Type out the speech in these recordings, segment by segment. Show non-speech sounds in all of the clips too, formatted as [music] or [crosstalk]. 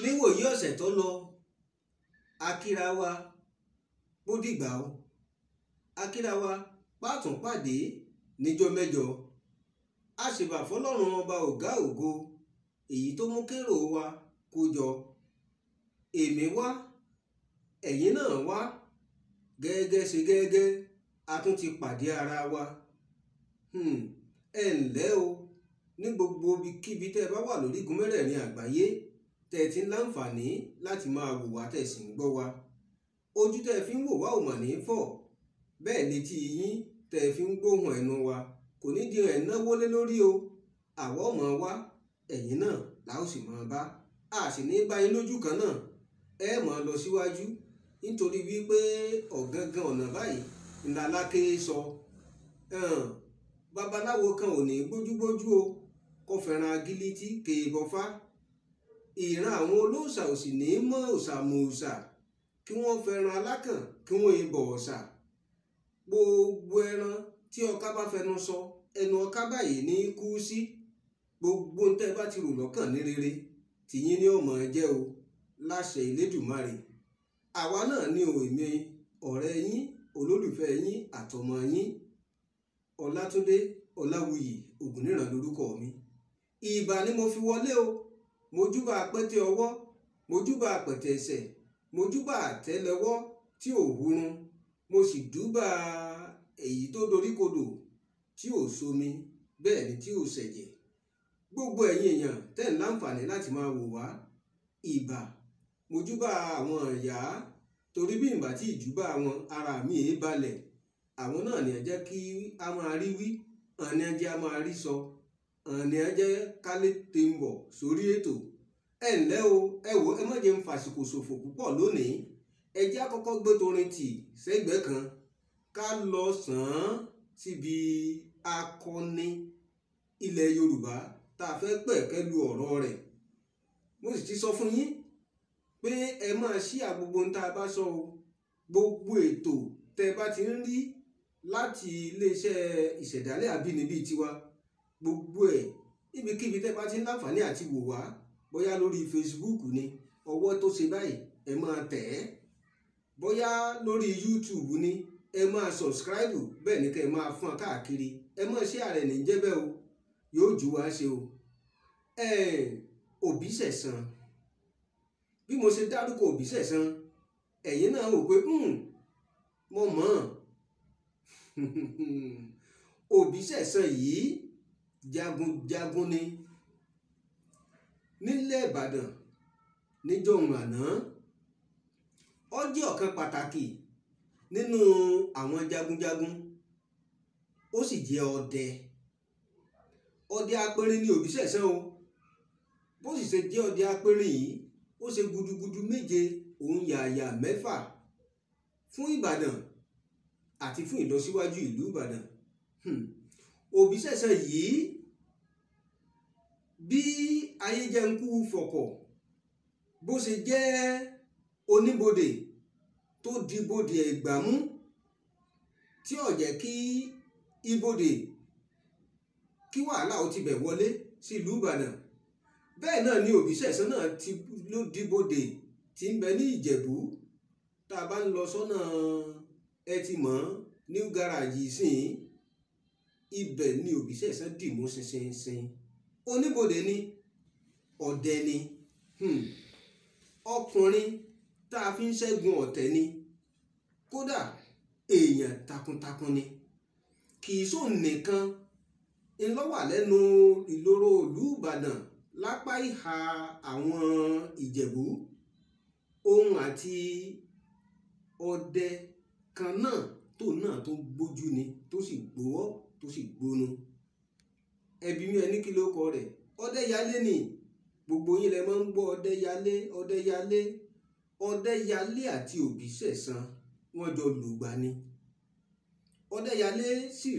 níwòyí ọ̀sẹ̀ tó lọ akíra wa bó dìgbà o akíra wa pàtún pàdé níjọ́ mẹ́jọ a ṣèbà fọlọ́run ọba ọ̀gá ògo èyí tó mú kérò wa kó jọ èmi wá ẹ̀yin náà wá gẹ́gẹ́ ṣe gẹ́gẹ́ a tún ti pàdé ara wa hmm, ẹ ǹlẹ́ o ní gbogbo ibikíbi tẹ́ ẹ bá wà lórí igun mẹ́rẹ̀ẹ̀rin àgbáyé tẹ̀tí láǹfààní láti máa wò wá tẹ̀sí gbọ́ wa ojú tẹ̀ fi ń wò wá ò mà ní fọ́ bẹ́ẹ̀ létí yín tẹ̀ fi ń gbóhùn ẹnu wa kò ní di ẹ̀ náwó lé lórí o àwa ọmọ wa ẹ̀yìn náà la ó sì máa bá a sì ní bá yín lójú kan náà ẹ máa lọ síwájú nítorí wípé ọ̀gángan ọ̀nà báyìí ńlá láké sọ babaláwo kan ò ní gbójúgbójú o kò fẹ́ràn agilítí ìran àwọn olóòṣà ò sì ní mọ òòṣà mọ òòṣà kí wọ́n fẹ́ràn alákàn kí wọ́n èèbọ òòṣà gbogbo ẹran tí ọká bá fẹnu sọ ẹnu ọká báyìí ní kú sí gbogbo ń tẹ́ bá ti rò lọ́kàn ní rere tìyín ní ọmọ jẹ́ o láṣẹ Elédùmarè àwa náà ní o èmi ọ̀rẹ́ yín olólùfẹ́ yín àtọmọ yín Ọlátúndé Ọláwuyì Ògúnníran lórúkọ mi ìbà ni mo fi wọlé o mojúbà pẹ́tẹ́ ọwọ́ mojúbà pẹ̀tẹ̀ ẹsẹ̀ mojúbà àtẹ́lẹwọ́ tí ò hurun mo sì júbà èyí tó doríkodò tí ò somi bẹ́ẹ̀ ni tí ò ṣẹ̀jẹ̀ gbogbo ẹ̀yin èèyàn tẹ̀ ń láǹfààní láti máa wò wá ìbà mojúbà àwọn ìyá torí bí ìgbà tí ìjúbà wọn ara mi è balẹ̀ àwọn náà ní ẹ jẹ́ kí a máa rí wí àní ẹ jẹ́ a máa rí sọ. So àní ẹ jẹ́ kálé tè ń bọ̀ sórí ètò ẹ ǹlẹ́ o ẹ wò ẹ má jẹ́ ń fàsìkò ṣòfò púpọ̀ lónìí ẹ jẹ́ àkọ́kọ́ gbé torin tì sẹ́gbẹ̀ẹ́ kan ká lọ sàn án síbi akọni ilẹ̀ Yorùbá tá a fẹ́ pẹ̀kẹ́ lu ọ̀rọ̀ rẹ̀ mo sì ti sọ fún yín pé ẹ máa ṣí àgbogbo ń tá a bá sọ o gbogbo ètò tẹ bá ti ń rí láti iléeṣẹ́ ìṣẹ̀dálẹ̀ àbínibí tiwa gbogbo ẹ̀ níbikíbi tẹ́ bá ti ń láǹfààní àti wò wá bóyá lórí Facebook ni ọwọ́ tó ṣe báyìí ẹ máa tẹ̀ ẹ́ bóyá lórí YouTube ni ẹ máa subscribe bẹ́ẹ̀ ni kẹ́ máa fún ọ káàkiri ẹ máa ṣe ààrẹ ní jẹ́bẹ́ o yóò jù wá ṣe o òbí sẹ̀sán bí mo ṣe dárúkọ òbí sẹ̀sán ẹ̀yin náà wò pé hmm, mo mọ̀ ọ́n [laughs] òbí sẹ̀sán yìí jagunjagun ni nílẹ̀ ìbàdàn níjọ̀hún àná ó jẹ́ ọ̀kan pàtàkì nínú àwọn jagunjagun ó sì jẹ́ ọdẹ ọdẹ apẹrin ni òbí ṣẹ̀ṣẹ̀ o bó sì ṣe jẹ́ ọdẹ apẹrin yìí ó ṣe gudugudu méje òun yàyà mẹ́fà fún ìbàdàn àti fún ìlọsíwájú ìlú ìbàdàn. Hmm òbí ṣẹ̀ṣẹ̀ yìí bí ayéjẹ̀ǹkú fọ̀kọ̀ bó ṣe jẹ́ oníbodè tó di bodè ẹ̀gbámú tí ò jẹ́ kí ibodè kí wàhálà ó ti bẹ̀ wọlé sí ìlú ìbàdàn bẹ́ẹ̀ náà ni òbí ṣẹ̀ṣẹ̀ náà ti ló di bodè tí ń bẹ ní ìjẹ̀bú tá a bá ń lọ sọ́nà ẹ new garage yìí sìn ibẹ̀ ni Òbísẹ̀san dìmú ṣinṣinṣin oníbodè ni ọ̀dẹ ni hmm, ọkùnrin tá a fi ń ṣẹ́gun ọ̀tẹ̀ ni kódà èèyàn takuntakun ni kì í sóun nìkan ńlọ́wà lẹ́nu ìloro ìlú Ìbàdàn lápá ìhà àwọn Ìjẹ̀bú òun àti ọdẹ kan náà tóun náà tó gbójú ni tó sì gbowó tó sì gbónú ẹbí mi ẹ ní kí ló kọ rẹ̀ ọdẹyalé ni gbogbo yín lẹ máa ń gbọ́ ọdẹyalé ọdẹyalé ọdẹyalé àti òbísẹ̀san wọ́n jọ lùgbà ni ọdẹyalé sì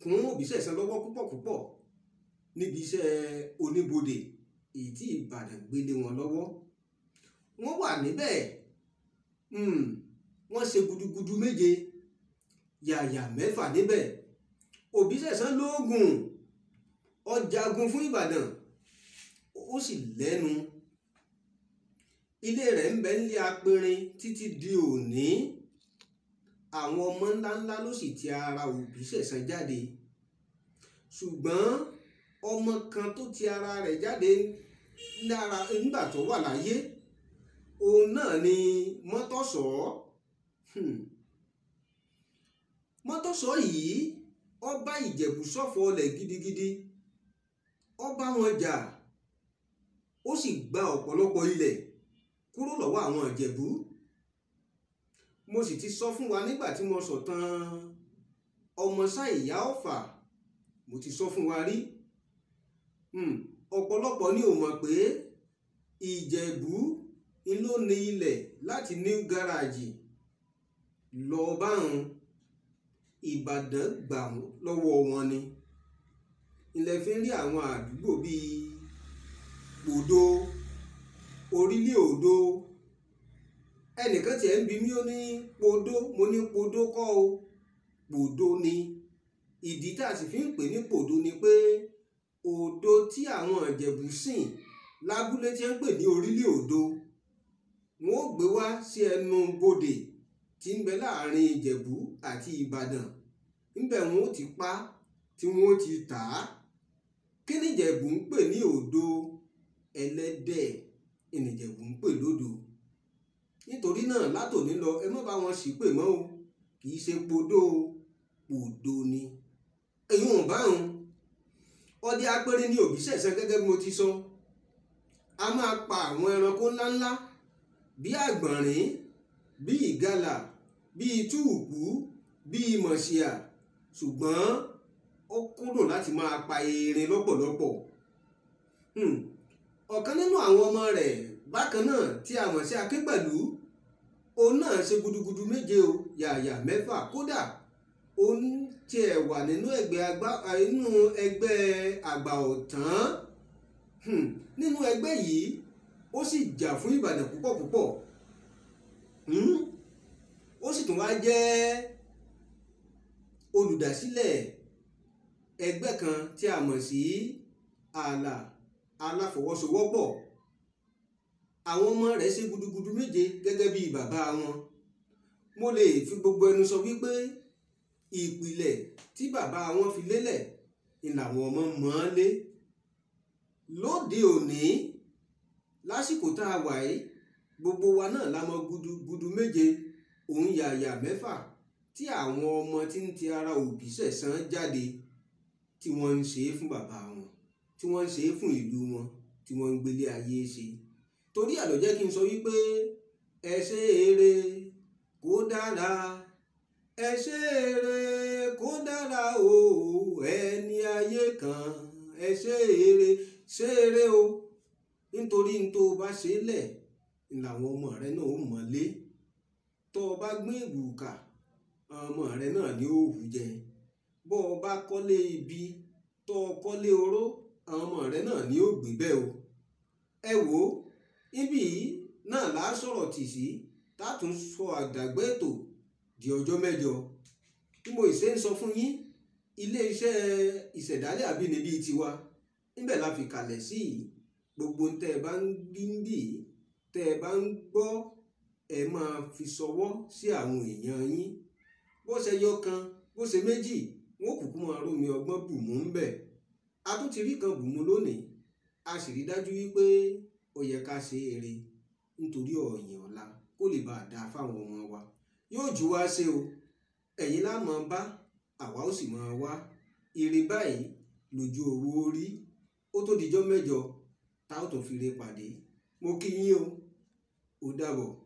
kún òbísẹ̀san lọ́wọ́ púpọ̀púpọ̀ níbi iṣẹ́ oníbodè èyí tí ìbàdàn gbélé wọn lọ́wọ́ wọ́n wà níbẹ̀ hmm, wọ́n ṣe gudugudu méje yàyà mẹ́fà níbẹ̀ Òbísẹ̀sán lóògùn ó jagun fún Ìbàdàn ó sì lẹ́nu ilé rẹ̀ ń bẹ nílé apẹrin títí di òní àwọn ọmọ ńláńlá ló sì ti ara Òbísẹ̀sán jáde ṣùgbọ́n ọmọ kan tó ti ara rẹ̀ jáde lára nígbà tó wà láyé òun náà ni Mọ́tọ́sọ́ hmm. Mọ́tọ́sọ́ yìí ọba ìjẹ̀bù ṣọ̀fọ̀ ọlẹ̀ gidigidi ó bá wọn jà ó sì gba ọ̀pọ̀lọpọ̀ ilẹ̀ kúrò lọ́wọ́ àwọn ìjẹ̀bù mo sì ti sọ fún wa nígbà tí mo sọ̀tàn ọmọ sáìyá ọ̀fà mo ti sọ fún wa rí hmm, ọ̀pọ̀lọpọ̀ ni ò mọ̀ pé ìjẹ̀bù ló ní ilẹ̀ láti new garage lọ́ọ́ báwọn ìbàdàn gbà lọ́wọ́ wọn ni ilẹ̀ fi ń rí àwọn àdúgbò bíi gbòdo orílẹ̀ òdo ẹnìkan tiẹ̀ ń bi mí ó ní podó mo ní podó kọ́ o podó ni ìdí tá a sì fi ń pè ní podó ni pé odò tí àwọn ìjẹ̀bù sìn lábúlé tí ń pè ní orílẹ̀ òdo wọn ó gbé wá sí ẹnu bodè. Si tí ń bẹ láàrin ìjẹ̀bú àti ìbàdàn ńbẹ̀ wọn ó ti pa tí wọn ó ti tà á kí nìjẹ̀bú ń pè ní òdo ẹlẹ́dẹ̀ ìnìjẹ̀bú ń pè lódo nítorí náà látòní lọ ẹ má bá wọn sì pè mọ́ o kì í ṣe podó òdo ni èyí wọn báwọn ọdẹ apẹrin ní òbí ṣẹ̀ṣẹ̀ gẹ́gẹ́ bí mo ti sọ a máa pa àwọn ẹranko ńláńlá bí àgbọ̀nrín bí ìgalà bíi túùbú bíi mọ̀ṣíà ṣùgbọ́n ó kúndùn láti máa pa erin lọ́pọ̀lọpọ̀ hmm, ọ̀kan nínú àwọn ọmọ rẹ̀ bákan náà tí a mọ̀ sí akínpẹ̀lú òun náà ṣe gudugudu méje o yàyà mẹ́fà kódà òun tiẹ̀ wà nínú ẹgbẹ́ àgbà ọ̀tán hmm, nínú ẹgbẹ́ yìí ó sì jà fún Ìbàdàn púpọ̀ púpọ̀. Hmm? ó sì tún wá jẹ́ olùdásílẹ̀ ẹgbẹ́ kan tí a mọ̀ sí ààlà aláfọwọ́sowọ́pọ̀ àwọn ọmọ rẹ̀ ṣe gudugudu méje gẹ́gẹ́ bí bàbá wọn mo lè fi gbogbo ẹnu sọ wípé ìpìlẹ̀ tí bàbá wọn fi lélẹ̀ ni làwọn ọmọ mọ̀ ọ́n lé lóde òní lásìkò tá a wà yìí gbogbo wa náà la mọ̀ gudugudu méje òun yàyà mẹ́fà tí àwọn ọmọ tí ń ti ara òbí ṣẹ̀san jáde tí wọ́n ń ṣe é fún bàbá wọn tí wọ́n ń ṣe é fún ìlú wọn tí wọ́n ń gbélé ayé ṣe torí àlọ́ kí n sọ wípé ẹ ṣe eré kó dára ẹ ṣe eré kó dára o ẹni ayé kan ẹ ṣe eré ṣe eré o nítorí n tó bá ṣe lẹ̀ làwọn ọmọ rẹ náà ó mọ̀ lé. tó o bá gbọ́n ìgbùkà ọmọ rẹ náà ní ó jẹ bó o bá kọ́lé ibi tó o kọ́lé oró ọmọ rẹ náà ní ó gbé bẹ́ẹ̀ o ẹ wò ó níbí yìí náà là á sọ̀rọ̀ tì sí tátùn sọ àdàgbé ètò di ọjọ́ mẹ́jọ bí mo ṣe ń sọ fún yín iléeṣẹ́ ìṣẹ̀dálẹ̀ àbínibí tiwa níbẹ̀ la fi kalẹ̀ sí i gbogbo tẹ́ ẹ bá ń bí ń tẹ́ ẹ bá ń gbọ́ ẹ máa fi ṣọwọ́ sí àwọn èèyàn yín bó ṣe yọ kan bó ṣe méjì wọn kúkú máa rómi ọgbọ́n bù ń bẹ̀ a tún ti rí kan bù mú lónìí a sì rí dájú wípé ó yẹ ká ṣe eré nítorí ọ̀yìn ọ̀la kó lè bá a dáa fáwọn ọmọ wa yóò jù wá ṣe o ẹ̀yin la máa bá àwa ó sì máa wá eré báyìí lójú owó orí ó tó dijọ́ mẹ́jọ tá ó fi re pàdé mo kí yín o ó dàbọ̀.